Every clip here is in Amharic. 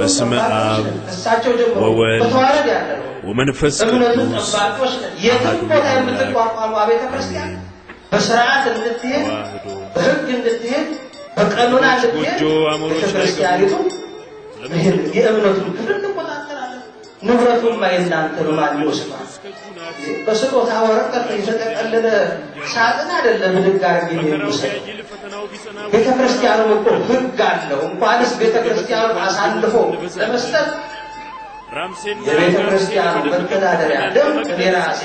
በስመ አብ እሳቸው ወወልድ ወመንፈስ ቅዱስ የትም ቦታ የምትቋቋሙ ቤተ ክርስቲያን በስርዓት እንድትሄድ በህግ እንድትሄድ በቀኖና እንድትሄድ ቤተክርስቲያኒቱ ይህን የእምነቱን ክፍል ንብረቱማ የእናንተ ነው፣ ማን ይወስዷል? በስጦታ ወረቀት የተጠቀለለ ሳጥን አይደለም ብድግ አድርጌ የሚወስድ ቤተ ክርስቲያኑ እኮ ሕግ አለው። እንኳንስ ቤተ ክርስቲያኑ አሳልፎ ለመስጠት የቤተ ክርስቲያኑ መተዳደሪያ ደንብ እኔ ራሴ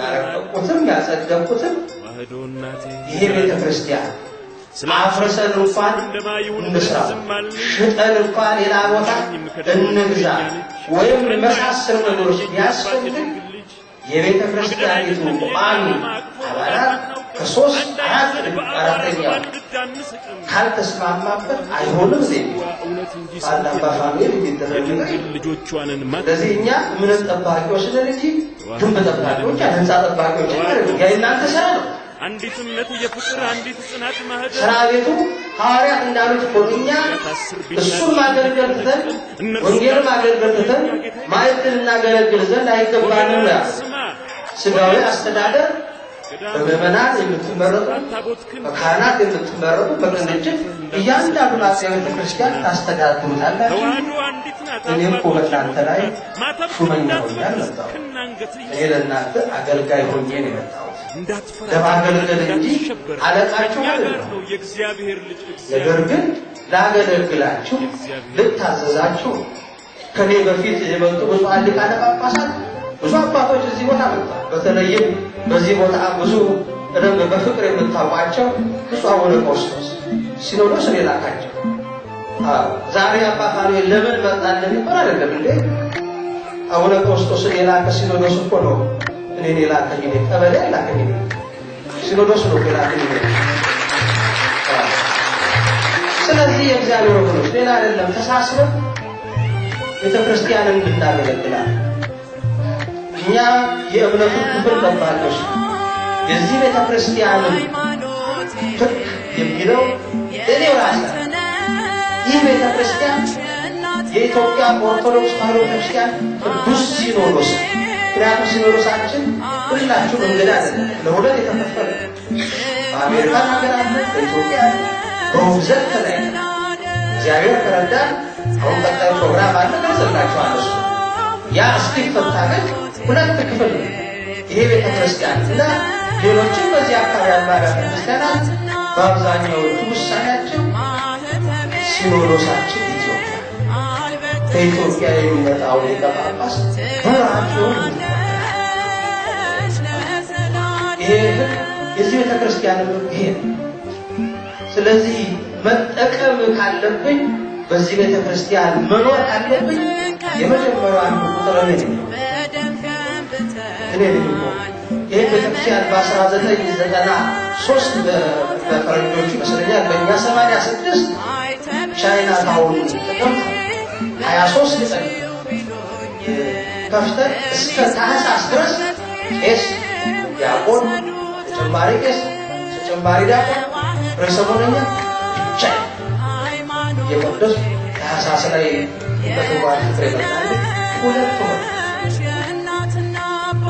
ያረቀቁትም ያጸደቁትም ይሄ ቤተ ክርስቲያን ስለ አፍርሰን እንኳን እንስራ፣ ሽጠን እንኳን ሌላ ቦታ እንግዛ፣ ወይም መሳሰሉ ነገሮች ቢያስፈልግ የቤተ ክርስቲያኒቱ ቋሚ አባላት ከሶስት አራት አራተኛው ካልተስማማበት አይሆንም። ዜ ባላባ ፋሚል የሚደረግ ስለዚህ እኛ እምነት ጠባቂዎች ነን እንጂ ግንብ ጠባቂዎች፣ ህንፃ ጠባቂዎች ያ የእናንተ ስራ ነው። አንዲት እምነት የፍቅር አንዲት ጽናት ማህደር ስራ ቤቱ ሐዋርያት እንዳሉት ሆኛ እሱም ማገልገል ትተን ወንጌል ማገልገል ትተን ማዕድን እናገለግል ዘንድ አይገባንም። ስጋዊ አስተዳደር በምዕመናን የምትመረጡ በካህናት የምትመረጡ በቅንጅት እያንዳንዱ አፄ ቤተ ክርስቲያን ታስተዳድሩታላችሁ። እኔም እኮ በእናንተ ላይ ሹመኛ ሆኛል መጣሁ። እኔ ለእናንተ አገልጋይ ሆኜ ነው የመጣሁት። ለማገልገል እንጂ አለቃችሁ አይደለም። ነገር ግን ላገለግላችሁ፣ ልታዘዛችሁ ከኔ በፊት የመጡ ብፁዓን ሊቃነ ጳጳሳት ብዙ አባቶች እዚህ ቦታ መጣ። በተለይም በዚህ ቦታ ብዙ ረብ በፍቅር የምታውቋቸው ብፁዕ አቡነ ቆስጦስ ሲኖዶስ ነው የላካቸው። ዛሬ ለምን መጣ እንደሚባል አይደለም እንዴ አቡነ ቆስጦስን የላከ ሲኖዶስ እኮ ነው እኔን የላከኝ እኔ ቀበሌ የላከኝ እኔ ሲኖዶስ ነው የላከኝ እኔ። ስለዚህ የእግዚአብሔር ወገኖች ሌላ አይደለም፣ ተሳስበን ቤተ ክርስቲያንን እንድናገለግላል። እኛ የእምነቱ ክፍል ጠባቂዎች የዚህ ቤተ ክርስቲያንን ህግ የሚለው እኔ ራሳ ይህ ቤተ ክርስቲያን የኢትዮጵያ ኦርቶዶክስ ተዋሕዶ ቤተክርስቲያን ቅዱስ ሲኖዶስ ምክንያቱም ሲኖዶሳችን ሁላችሁ እንግዳ ነን፣ ለሁለት የተከፈለ በአሜሪካን ሀገር አለ፣ በኢትዮጵያ አለ። በውዘት እግዚአብሔር ከረዳን አሁን ቀጣዩ ፕሮግራም አለ፣ ገልጽላችኋል። እሱ ያ እስኪፈታ ግን ሁለት ክፍል ነው ይሄ ቤተክርስቲያን እና ሌሎችም በዚህ አካባቢ ያሉ አብያተ ክርስቲያናት በአብዛኛዎቹ ውሳኔያችን ሲኖዶሳችን ከኢትዮጵያ የሚመጣው ሊቀ ጳጳስ የዚህ ቤተ ክርስቲያን ይሄ ስለዚህ መጠቀም ካለብኝ በዚህ ቤተ ክርስቲያን መኖር ካለብኝ የመጀመሪያው አንዱ ቁጥር ነው እኔ ነው። ይህ ቤተክርስቲያን በአስራ ዘጠኝ ዘጠና ሶስት በፈረንጆቹ ይመስለኛል በእኛ ሰማንያ ስድስት ቻይና ታውን ጥቅምት 23 ሶስት ቀን ከፍተን እስከ ታህሳስ ድረስ ቄስ፣ ዲያቆን፣ ተጨማሪ ቄስ፣ ተጨማሪ ዲያቆን፣ ርዕሰ መሆነኛ ብቻ የመቅደሱ ታህሳስ ላይ በተግባር ፍቅር ይመጣል። ሁለት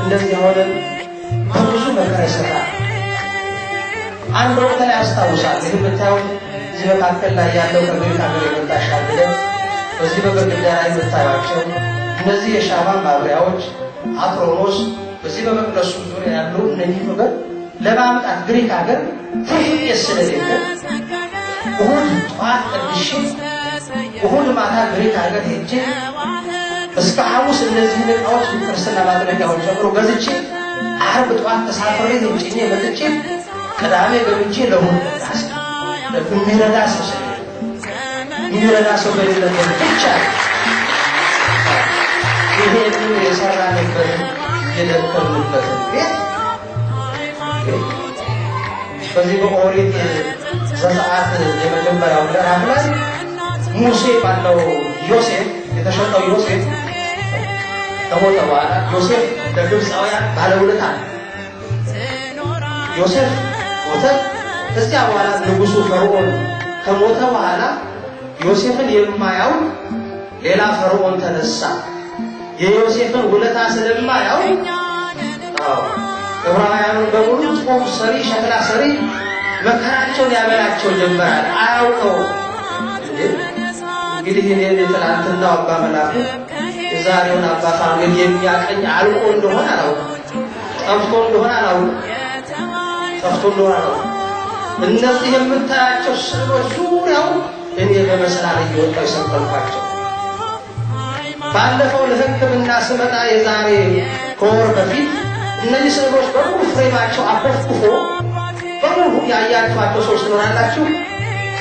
እንደዚህ ሆነን በብዙ መከራ ይሰራ አንድ ወቅት ላይ ያስታውሳል። ይህ የምታዩት እዚህ መካከል ላይ ያለው ከግሪክ ሀገር የመጣ በዚህ በግድግዳ ላይ የምታያቸው እነዚህ የሻማ ማብሪያዎች አትሮኖስ፣ በዚህ በመቅደሱ ዙሪያ ያሉ እነዚህ ነገር ለማምጣት ግሪክ ሀገር ትህየት ስለሌለ እሁድ ጠዋት ቅድሽ እሁድ ማታ ግሪክ ሀገር ሄጄ እስከ ሐሙስ እነዚህ ዕቃዎች ክርስትና ማድረጊያዎች ጨምሮ ገዝቼ አርብ ጠዋት ተሳፍሬ ጭኜ መጥቼ ቅዳሜ ገብቼ ለሁድ ዳስ የሚረዳ ሰው የሚረዳ ሰው በሌለበት ብቻ ይሄን የሰራንበትን የደከምንበትን ቤት በዚህ በኦሪት ዘፀአት የመጀመሪያው ምዕራፍ ላይ ሙሴ ባለው ዮሴፍ የተሸጠው ዮሴፍ ከሞተ በኋላ ዮሴፍ ለግብፃውያን ባለውለታ ዮሴፍ ሞተ። ከዚያ በኋላ ንጉሱ ፈርዖን ከሞተ በኋላ ዮሴፍን የማያው ሌላ ፈርዖን ተነሳ። የዮሴፍን ውለታ ስለማያው ዕብራውያኑን በሙሉ ጾም ሰሪ፣ ሸክላ ሰሪ መከራቸውን ያበላቸው ጀመራል። አያውቀው እንግዲህ እኔን የትላንትናው አባ መላኩ የዛሬውን አባ ፋኑኤል የሚያቀኝ አልቆ እንደሆነ አላውቅም፣ ጠፍቶ እንደሆነ አላውቅም፣ ጠፍቶ እንደሆነ አላውቅም። እነዚህ የምታያቸው ስዕሎች ዙሪያው እኔ በመስላል እየወጣሁ የሰጠልኳቸው። ባለፈው ለሕክምና ስመጣ የዛሬ ከወር በፊት እነዚህ ስዕሎች በሙሉ ፍሬማቸው አበፍኩፎ በሙሉ ያያችኋቸው ሰዎች ትኖራላችሁ።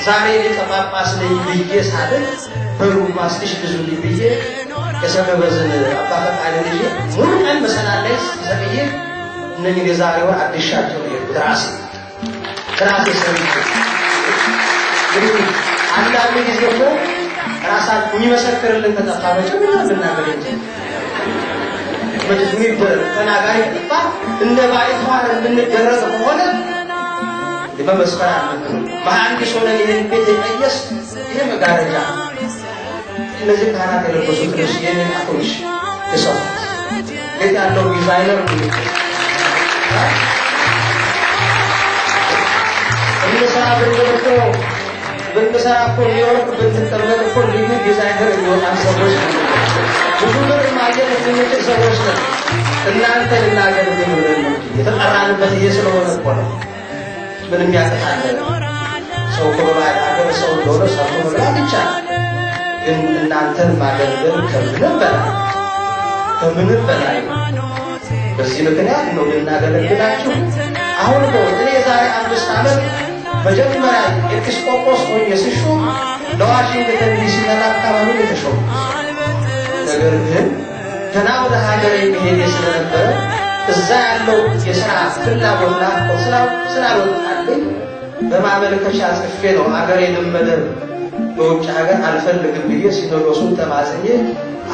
ዛሬ ሊቀ ጳጳስ ነኝ ብዬ ሳልን በሩማስ ልሽ ብዙ ብዬ የሰበበዝን አባ ልዬ ሙሉ ቀን መሰላል ላይ ዘቅዬ እነኝህ የዛሬ ወር አዲሻቸው ራሴ ራሴ ሰብቼ እንግዲህ አንድ አንድ ጊዜ ደግሞ ራሳት የሚመሰክርልን ከጠፋ በጭምር ልናገር እንጂ ተናጋሪ ከጠፋ እንደ ባይቷር እንድንደረግ ከሆነ በመስፈር አልመክርም። መሐንዲስ ይህን ቤት የቀየስ ይህ መጋረጃ እነዚህ ካህናት የለበሱ ትንሽ ይህንን አቶች የሰፉት ቤት ያለው ዲዛይነር እንሰራ ብንደረገው ብንሰራ እኮ ኒውዮርክ ብንቀመጥ እኮ ልዩ ዲዛይነር የሚሆናል ሰዎች ነው። ብዙ ብር ማግኘት የምንችል ሰዎች ነው። እናንተ ልናገር ግን የተጠራንበት። ይሄ ስለሆነ እኮ ነው። ምንም ያጠፋለ ሰው ኮሮባል ሀገር ሰው እንደሆነ ሰው መብላት ይቻላል። ግን እናንተን ማገልገል ከምንም በላይ ከምንም በላይ በዚህ ምክንያት ነው ልናገለግላችሁ አሁን ነው እኔ የዛሬ አምስት ዓመት መጀመሪያ ኤጲስቆጶስ ሆኜ ስሾም ለዋሽንግተን ዲሲና አካባቢ የተሾምኩ ነገር ግን ገና ወደ ሀገሬ መሄድ ስለነበረ እዛ ያለው የስራ ፍላጎትና ስላልወጣልኝ በማመልከቻ ጽፌ ነው ሀገሬ ልመደብ በውጭ ሀገር አልፈልግም ብዬ ሲኖዶሱን ተማጽኜ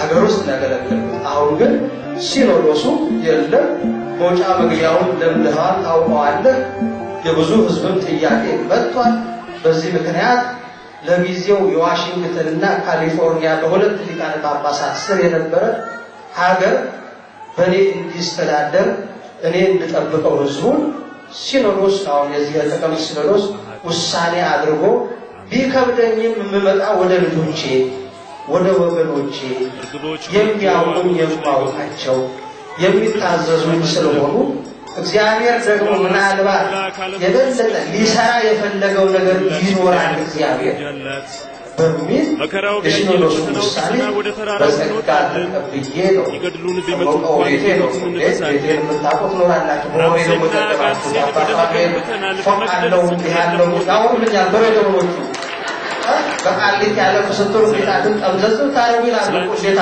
ሀገር ውስጥ ያገለግል አሁን ግን ሲኖዶሱ የለም መውጫ መግቢያውን ለምደኸዋል፣ ታውቀዋለህ የብዙ ህዝብም ጥያቄ መጥቷል። በዚህ ምክንያት ለጊዜው እና ካሊፎርኒያ በሁለት ሊቃነ ጳጳሳት ስር የነበረ ሀገር በእኔ እንዲስተዳደር እኔ እንድጠብቀው ህዝቡን ሲኖዶስ አሁን የዚህ የጠቅላይ ሲኖዶስ ውሳኔ አድርጎ ቢከብደኝም የምመጣ ወደ ልጆቼ ወደ ወገኖቼ የሚያውቁኝ የማውቃቸው የሚታዘዙኝ ስለሆኑ እግዚአብሔር ደግሞ ምናልባት የበለጠ ሊሰራ የፈለገው ነገር ይኖራል እግዚአብሔር በሚል የሲኖዶሱ ውሳኔ በጸጋ ተቀብዬ ነው መውቀው ቤቴ ነው። ፎቅ አለው ያለው ሁሉኛል በቤተሰቦቹ በቃሊቲ ያለ ስትሩ ቅጣትን ጠምዘዝ ታረጉ ይላሉ እኮ ጌታ።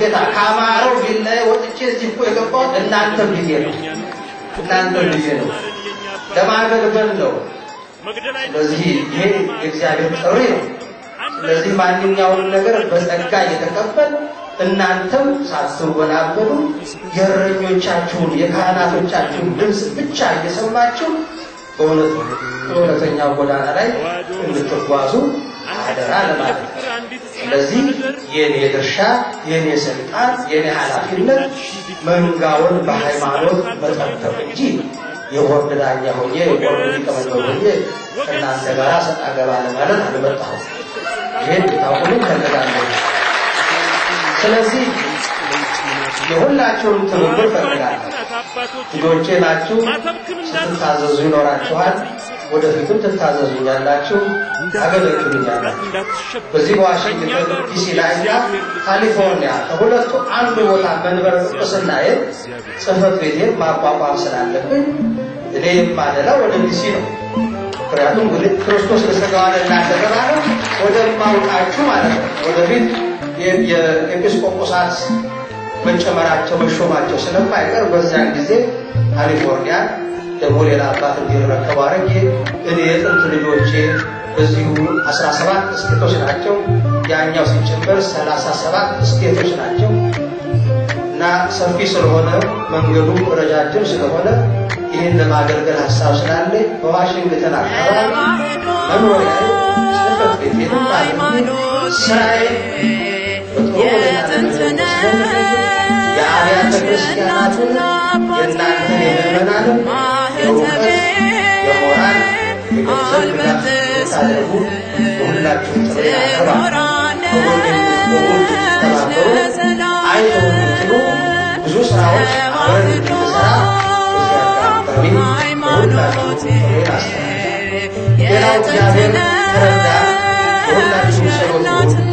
ጌታ ከአማረው ቢላይ ወጥቼ እዚህ እኮ የገባሁት እናንተም ጊዜ ነው፣ እናንተም ጊዜ ነው፣ ለማገልገል ነው። ስለዚህ ይሄ የእግዚአብሔር ጥሪ ነው። ስለዚህ ማንኛውንም ነገር በጸጋ እየተቀበል እናንተም ሳትወናበዱ የእረኞቻችሁን የካህናቶቻችሁን ድምፅ ብቻ እየሰማችሁ በእውነተኛው ጎዳና ላይ እንድትጓዙ አደራ ለማለት ስለዚህ የኔ ድርሻ፣ የኔ ስልጣን፣ የኔ ኃላፊነት መንጋውን በሃይማኖት መጠበቅ እንጂ የቦርድ ዳኛ ሆኜ የቦርድ ሊቀመንበር ሆኜ እናንተ ጋር ሰጣ ገባ ለማለት አልመጣሁም። ይህን ታውቁንም ፈልጋለ። ስለዚህ የሁላቸውን ትብብር ፈልጋለሁ። ልጆቼ ናችሁ፣ ስትታዘዙ ይኖራችኋል፣ ወደፊትም ትታዘዙኛላችሁ፣ ታገለግሉኛላችሁ። በዚህ በዋሽንግተን ዲሲ ላይ ላይና ካሊፎርኒያ ከሁለቱ አንዱ ቦታ መንበር ቅስናዬ ጽህፈት ቤቴን ማቋቋም ስላለብኝ እኔ የማደላው ወደ ዲሲ ነው። ምክንያቱም ግ ክርስቶስ ለሥጋዋን እናደረባለ ወደማውቃችሁ ማለት ነው። ወደፊት የኤጲስቆጶሳት መጨመራቸው መሾማቸው ስለማይቀር በዛን ጊዜ ካሊፎርኒያ ደግሞ ሌላ አባት እንዲረከቡ እኔ የጥንት ልጆቼ እዚሁ 17 እስኬቶች ናቸው። ያኛው ሲጨምር 37 እስኬቶች ናቸው እና ሰፊ ስለሆነ መንገዱ ረጃጅም ስለሆነ ይህን ለማገልገል ሀሳብ ስላለ በዋሽንግተን አካባቢ መኖሪያ ስፈት ቤት ስራዬ የጥንትነ እናትና አባቴ ማህተቤ አልበጥስ ትኖራለች ለዘላለም ሃይማኖቴ የጥንትነ እናትና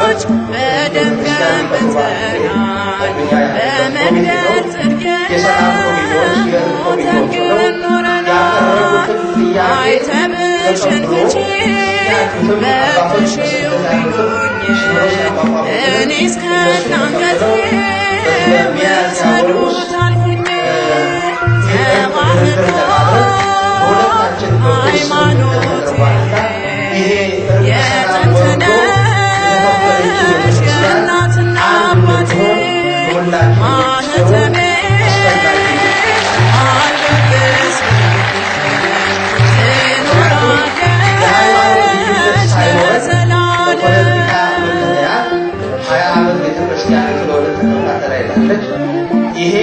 ሴቶች በደም ቀን በልተናል። በመግደል ጽድቅና ሞተን ግን ኖረናል። አይተምሽን ፍቺ በፍቺው ቢሉኝ እኔ እስከ አንገቴ የሚያሰሩት አልኩኝ። ይሄ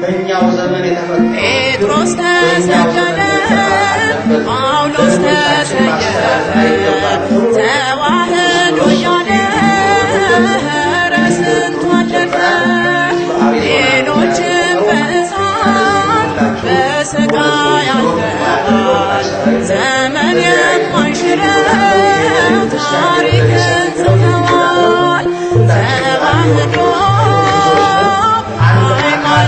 በእኛው ዘመን የተፈጠረ ጴጥሮስ ተሰቀለ፣ ጳውሎስ ተሰቀለ፣ ተዋህዶ ያለ ረስንቱ አለፈ፣ ሌሎችም በእሳት በስቃይ አልፈዋል። ዘመን የማይሽረው ታሪክን ጽፈዋል። ተዋህዶ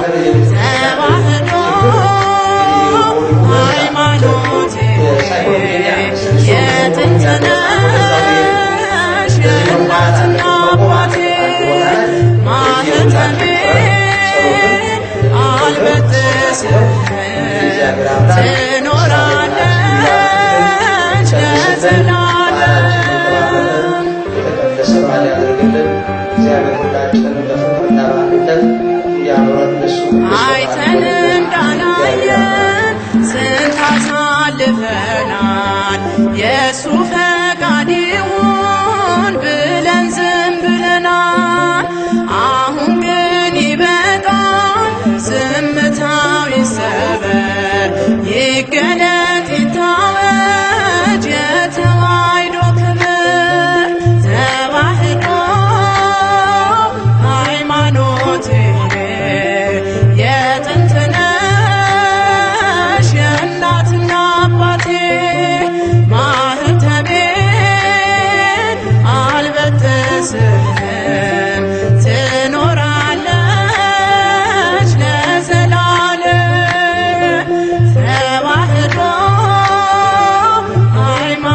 Yeah.